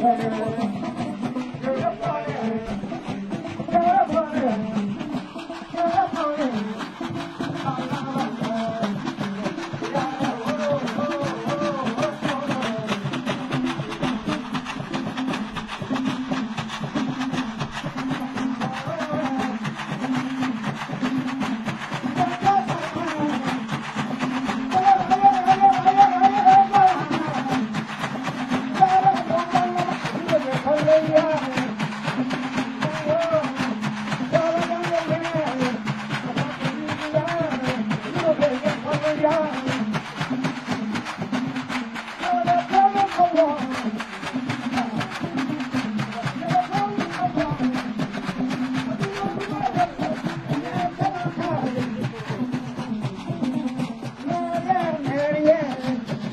Thank you.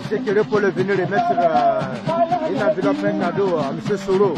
c'est que le pour le venir mettre... Euh, Inafika mpenga doa msisuru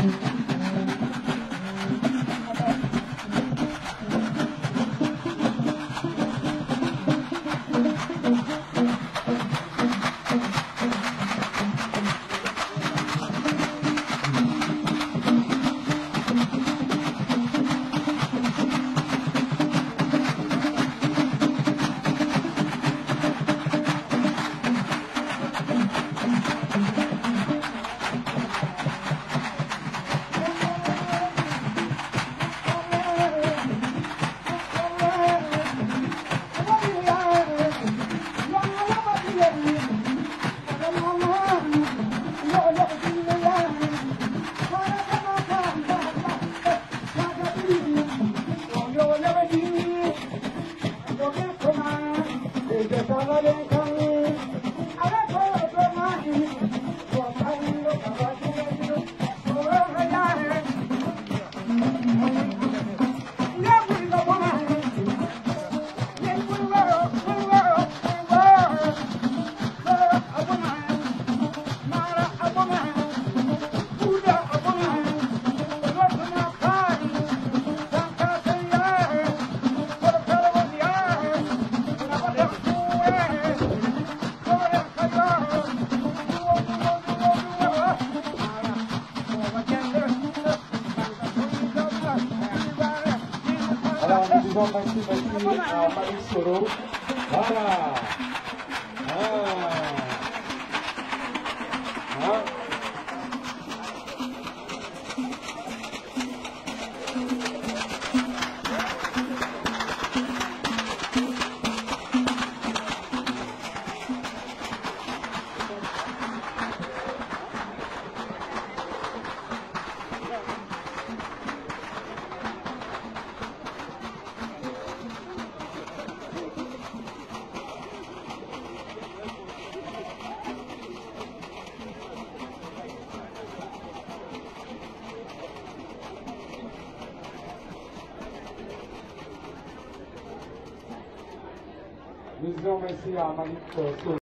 Para o vai se manter a Paris Coroa. Para! Nous merci à